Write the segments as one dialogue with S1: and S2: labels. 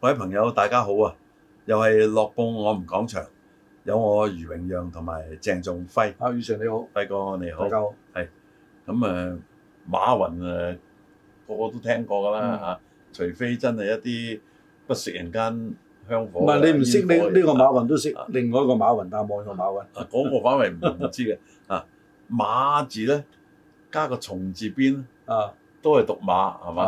S1: 各位朋友，大家好啊！又係樂報我唔講場，有我余榮陽同埋鄭仲輝。阿余上，你好，輝哥你好，大家好。係咁誒，馬雲誒、啊，個個都聽過噶啦吓，嗯、除非真係一啲不食人間香火、嗯。唔係你唔識呢？
S2: 呢、啊、個馬雲都識，另外一個馬雲，啊、但係網上馬雲，
S1: 我我反為唔唔知嘅啊。馬字咧。加個蟲字邊啊，都係讀馬係嘛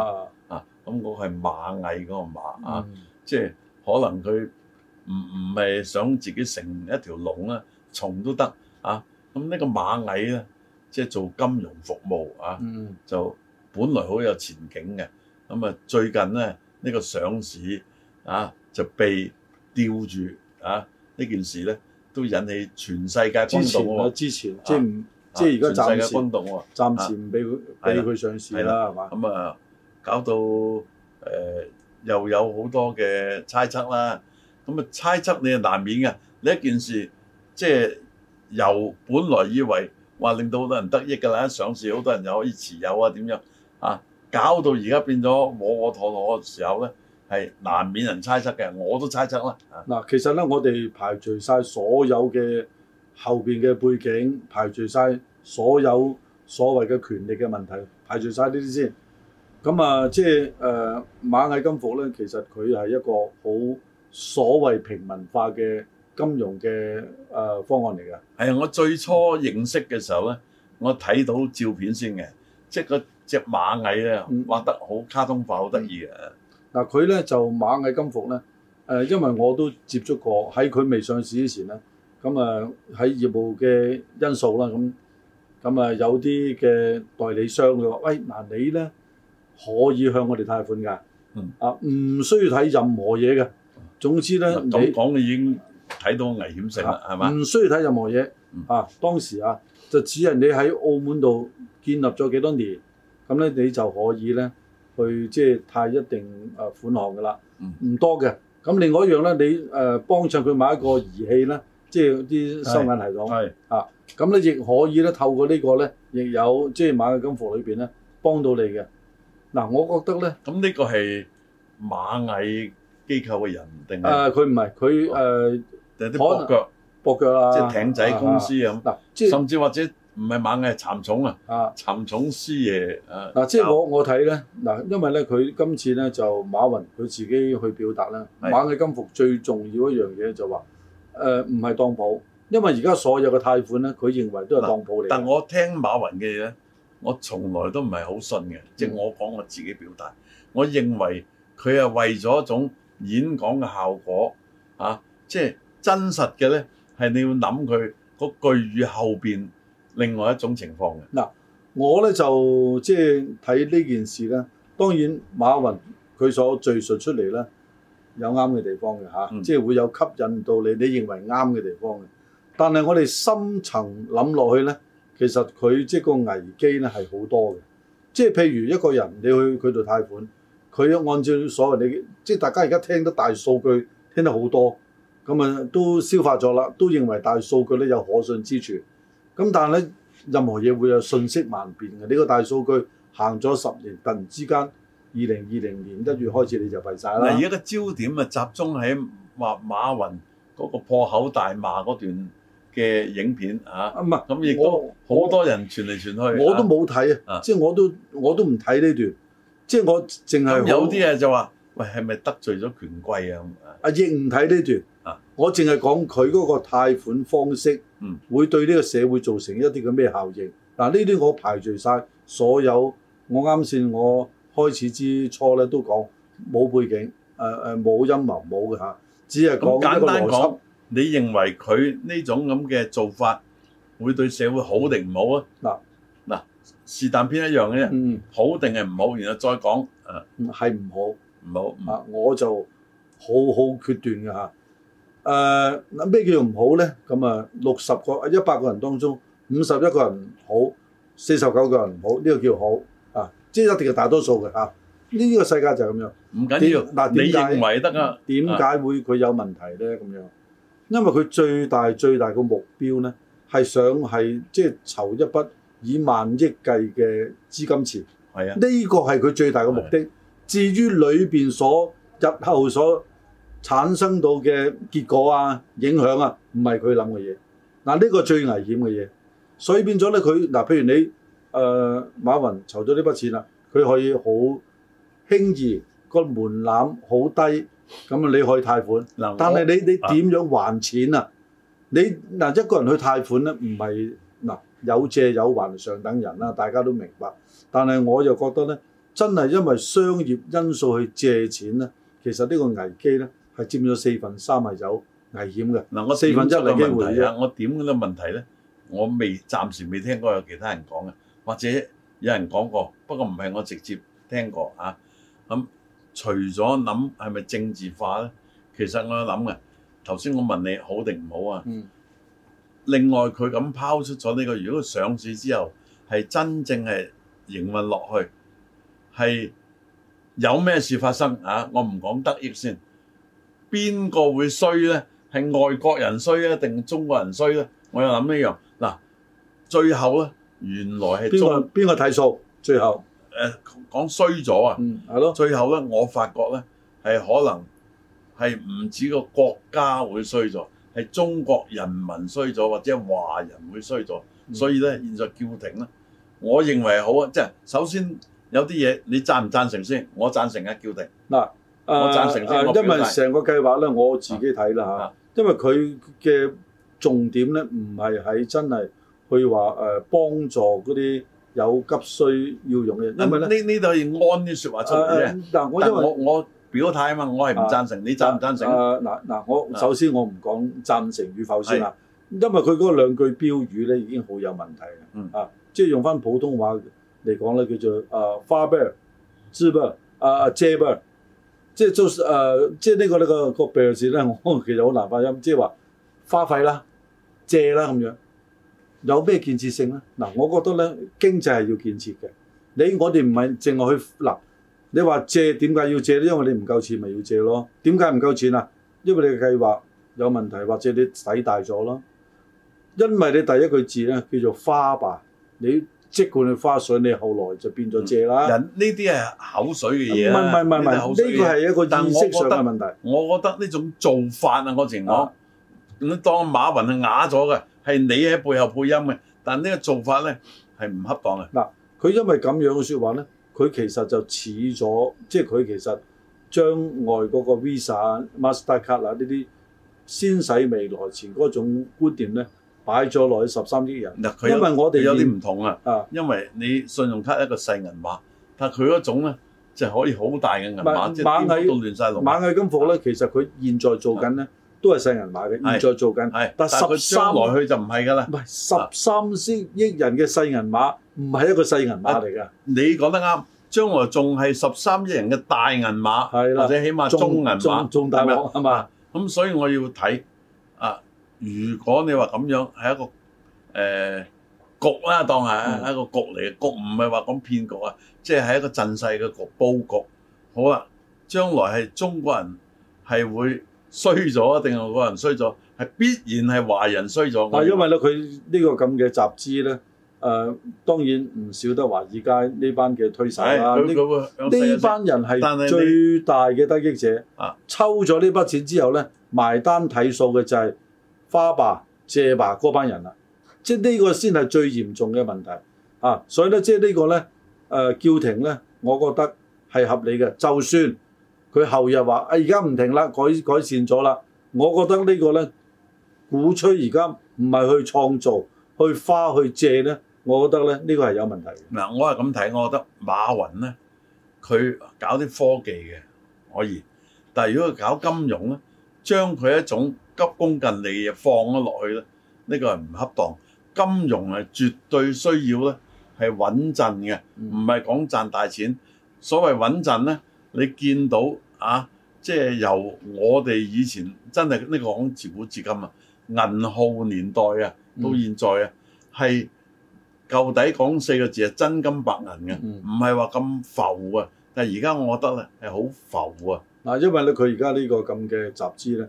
S1: 啊？咁我個係螞蟻嗰個馬，嗯、啊，即係可能佢唔唔係想自己成一條龍啦，蟲都得啊。咁呢個螞蟻咧，即係做金融服務啊，嗯、就本來好有前景嘅。咁啊，最近咧呢、呢個上市啊就被吊住啊呢件事咧，都引起全世界關注喎。之前、啊、之前即係即係而家暫時暫時唔俾
S2: 佢俾佢上市係啦，係嘛？咁
S1: 啊，搞到誒、呃、又有好多嘅猜測啦。咁、嗯、啊，猜測你係難免嘅。呢一件事即係、就是、由本來以為話令到好多人得益㗎啦、啊，上市好多人又可以持有啊，點樣啊？搞到而家變咗渾我妥噩嘅時候咧，係難免人猜測嘅。我
S2: 都猜測啦。嗱、啊，其實咧，我哋排除晒所有嘅。後邊嘅背景排除晒所有所謂嘅權力嘅問題，排除晒呢啲先。咁啊，即係誒、呃、螞蟻金服咧，其實佢係一個好所謂平民化嘅金融嘅誒、呃、方案嚟嘅。
S1: 係啊、哎，我最初認識嘅時候咧，我睇到照片先嘅，即係嗰隻螞蟻咧畫得好
S2: 卡通化，好得意嘅。嗱，佢咧、嗯嗯、就螞蟻金服咧，誒、呃，因為我都接觸過喺佢未上市之前咧。咁、嗯嗯、啊喺業務嘅因素啦，咁咁啊有啲嘅代理商佢話，喂，嗱你咧可以向我哋貸款㗎，啊唔需要睇任何嘢嘅。總之咧，嗯、你咁講嘅已經睇到危險性啦，係嘛、啊？唔吧需要睇任何嘢啊！當時啊，就指人你喺澳門度建立咗幾多年，咁、啊、咧你就可以咧去即係貸一定誒款項㗎啦，唔多嘅。咁、啊嗯嗯啊、另外一樣咧，你誒、啊、幫襯佢買一個儀器咧。即係啲收銀系統，啊，咁咧亦可以咧透過呢個咧，亦有即係螞蟻金服裏邊咧幫到你嘅。嗱，我覺
S1: 得咧，咁呢個係螞蟻機構嘅人定？啊，佢唔係，佢誒
S2: 啲駁腳，駁腳啊，即係艇仔公司
S1: 咁。嗱，即係甚至或者唔係螞蟻係蠶蟲啊，啊，蠶蟲師爺啊。嗱，即係我
S2: 我睇咧，嗱，因為咧佢今次咧就馬雲佢自己去表達啦。螞蟻金服最重要一樣嘢就話。誒唔係當鋪，因為而家所有嘅貸款咧，佢認為都係當鋪嚟。但我聽馬雲嘅嘢咧，我從來都唔係好信嘅，即係我講我自己表
S1: 達，嗯、我認為佢係為咗一種演講嘅效果啊！即係真實嘅咧，係你要諗佢個句語後邊另
S2: 外一種情況嘅。嗱，我咧就即係睇呢件事咧，當然馬雲佢所敍述出嚟咧。有啱嘅地方嘅嚇，嗯、即係會有吸引到你，你認為啱嘅地方嘅。但係我哋深層諗落去呢，其實佢即係個危機呢係好多嘅。即係譬如一個人，你去佢度貸款，佢按照所謂你即係大家而家聽得大數據聽得好多，咁啊都消化咗啦，都認為大數據呢有可信之處。咁但係呢，任何嘢會有瞬息萬變嘅。呢個大數據行咗十年，突然之間。二零二零年一月開始你就弊晒啦。而家
S1: 個焦點啊，集中喺馬馬雲嗰個破口大罵嗰段嘅影片嚇。啊，唔係咁，亦、啊啊、都好多人
S2: 傳嚟傳去、啊我。我都冇睇啊，即係我都我都唔睇呢段，即係我淨係有啲嘢就話：喂，係咪得罪咗權貴啊？阿亦唔睇呢段啊，段啊我淨係講佢嗰個貸款方式，嗯，會對呢個社會造成一啲嘅咩效應？嗱、啊，呢啲我排除晒所有，我啱先我。開始之初咧都講冇背景，誒誒冇陰謀冇嘅嚇，只係講簡單講，一個邏輯。
S1: 你認為佢呢種咁嘅做法會對社會好定唔好、嗯、啊？嗱嗱，是但邊一樣嘅啫，好定係唔好，然後再講
S2: 誒，係、啊、唔好，唔好嚇、啊，我就好好決斷嘅吓，誒，嗱咩叫做唔好咧？咁啊，六十個一百個人當中，五十一個人好，四十九個人唔好，呢、這個叫好。即係一定係大多數嘅啊！呢、這個世界就係咁樣，唔緊要。嗱，你認為得啊？點解會佢有問題咧？咁、啊、樣，因為佢最大最大個目標咧，係想係即係籌一筆以萬億計嘅資金池。係啊，呢個係佢最大嘅目的。啊、至於裏邊所日後所產生到嘅結果啊、影響啊，唔係佢諗嘅嘢。嗱、啊，呢、這個最危險嘅嘢。所以變咗咧，佢嗱，譬如你。誒、呃、馬雲籌咗呢筆錢啦，佢可以好輕易，個門檻好低，咁啊你可以貸款。我但係你你點樣還錢啊？啊你嗱一個人去貸款咧，唔係嗱有借有還上等人啦、啊，大家都明白。但係我又覺得咧，真係因為商業因素去借錢咧，其實呢個危機咧係佔咗四分三係有危險嘅。嗱我、啊、四分之一嘅機會啊，
S1: 我點嘅問題咧？我未暫時未聽過有其他人講嘅。或者有人講過，不過唔係我直接聽過吓。咁除咗諗係咪政治化呢，其實我諗嘅頭先我問你好定唔好啊？嗯。另外佢咁拋出咗呢個，如果上市之後係真正係營運落去，係有咩事發生啊？我唔講得益先，邊個會衰呢？係外國人衰呢，定中國人衰呢？我又諗一樣嗱，最後呢。原來係邊個邊個睇數？最後誒、呃、講衰咗啊！係咯、嗯，最後咧，我發覺咧係可能係唔止個國家會衰咗，係中國人民衰咗，或者係華人會衰咗。所以咧，現在叫停咧，我認為好啊！即係首先有啲嘢你贊唔贊成先？我贊成啊！叫停
S2: 嗱，啊啊、我贊成先、啊啊，因為成個計劃咧，我自己睇啦嚇，因為佢嘅重點咧，唔係喺真係。譬如話誒，uh, 幫助嗰啲有急需要用嘅，咁咪呢呢度要
S1: 按啲説話出嚟嘅、uh,。但係我我
S2: 表態啊嘛，我係唔贊成，你贊唔贊成？嗱嗱、uh,，我首先我唔講贊成與否先啦，因為佢嗰兩句標語咧已經好有問題嘅。啊，即係用翻普通話嚟講咧，叫做誒花唄，知唔？誒借即係做即係呢個呢、那個、個唄字咧，我、那個那個、其實好難發音，即係話花費啦、借啦咁樣。Cada Le 有咩建設性咧？嗱，我覺得咧經濟係要建設嘅。你我哋唔係淨係去嗱，你話借點解要借咧？因為你唔夠錢咪要借咯。點解唔夠錢啊？因為你嘅計劃有問題，或者你使大咗咯。因為你第一句字咧叫做花吧，你即管你花上，你後來就變咗借啦，嗯。人呢啲係口水嘅嘢啊，唔係唔係，呢個係一個意識上嘅問題。
S1: 我覺得呢種做法啊，我直講，啊，當馬雲係啞咗嘅。係你喺背後配音嘅，但呢個做
S2: 法咧係唔恰當嘅。嗱，佢因為咁樣嘅説話咧，佢其實就似咗，即係佢其實將外國個 Visa、啊、Master 卡嗱呢啲先使未來錢嗰種觀點咧擺咗落去十三億人。嗱，佢因為我哋有啲唔同啊，
S1: 喏因為你信用卡一個細銀碼，但係佢嗰種咧就可以好大嘅銀碼，即係跌到亂曬龍。螞蟻
S2: 金服咧，其實佢現在做緊咧。喏都係細銀碼嘅，現在是做緊，是但係十三來去就唔係㗎啦。唔係十三千億人嘅細銀碼，唔係一個細銀碼嚟㗎。你講得啱，將來仲係十三
S1: 億人嘅大銀碼，的或者起碼中銀碼、中中中大銀碼嘛？咁的吧所以我要睇啊！如果你話咁樣係一個誒、呃、局啦，當係一個局嚟、嗯，局唔係話講騙局啊，即係係一個陣勢嘅局佈局。好啦，將來係中國人係會，衰咗定係個人衰咗，係必然係華人衰咗。係因為
S2: 咧，佢呢個咁嘅集資咧，誒、呃、當然唔少得華爾街呢班嘅推手啦、啊。呢呢、哎、這班人係是最大嘅得益者。啊，抽咗呢筆錢之後咧，埋單睇數嘅就係花爸、借爸嗰班人啦。即係呢個先係最嚴重嘅問題。啊，所以咧，即係呢個咧，誒、呃、叫停咧，我覺得係合理嘅，就算。佢後日話：啊，而家唔停啦，改改善咗啦。我覺得個呢個咧，鼓吹而家唔係去創造、去花、去借咧。我覺得咧呢個係有問題。嗱、啊，我係咁睇，我覺得馬雲咧，佢
S1: 搞啲科技嘅可以，但係如果佢搞金融咧，將佢一種急功近利嘅放咗落去咧，呢、呢個係唔恰當。金融係絕對需要咧係穩陣嘅，唔係講賺大錢。所謂穩陣咧，你見到。啊！即係由我哋以前真係呢個講自古至今啊，銀號年代啊，到現在啊，係舊、嗯、底講四個字係真金白銀嘅，唔係話咁浮啊。但係而家我
S2: 覺得咧係好浮啊。嗱，因為咧佢而家呢個咁嘅集資咧，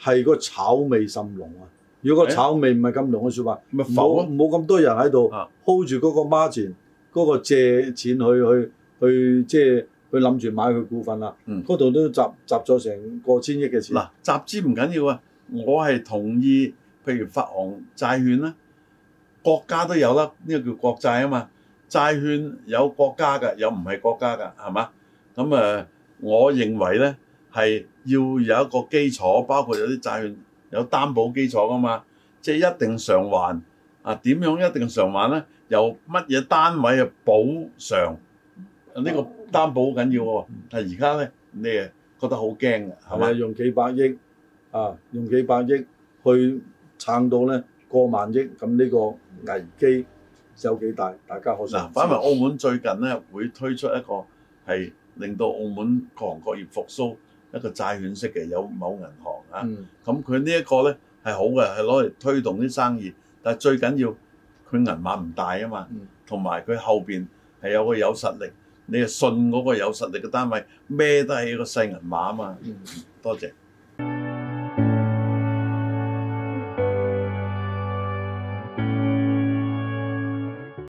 S2: 係個炒味甚濃啊。如果個炒味唔係咁濃嘅説話，冇冇咁多人喺度 hold 住嗰個 margin 嗰個借錢去去去即係。佢諗住買佢股份啦，嗰度、嗯、都集集咗成過千億嘅錢。嗱、嗯，集資唔緊要啊，
S1: 我係同意，譬如發行債券啦，國家都有啦，呢、呢個叫國債啊嘛。債券有國家嘅，有唔係國家嘅，係嘛？咁啊、呃，我認為咧係要有一個基礎，包括有啲債券有擔保基礎噶嘛，即係一定償還。啊，點樣一定償還咧？由乜嘢單位去補償？呢個擔保好緊要喎、
S2: 哦，但係而家咧，你誒覺得好驚嘅，係咪吧用幾百億啊？用幾百億去撐到咧過萬億，咁呢個危機有幾大？大家可想。反為澳門最近咧會推出一個係令
S1: 到澳門各行各業復甦一個債券式嘅，有某銀行啊，咁佢、嗯、呢一個咧係好嘅，係攞嚟推動啲生意，但係最緊要佢銀碼唔大啊嘛，同埋佢後邊係有個有實力。你係信嗰個有實力嘅單位，孭得起個細銀碼啊嘛，多謝。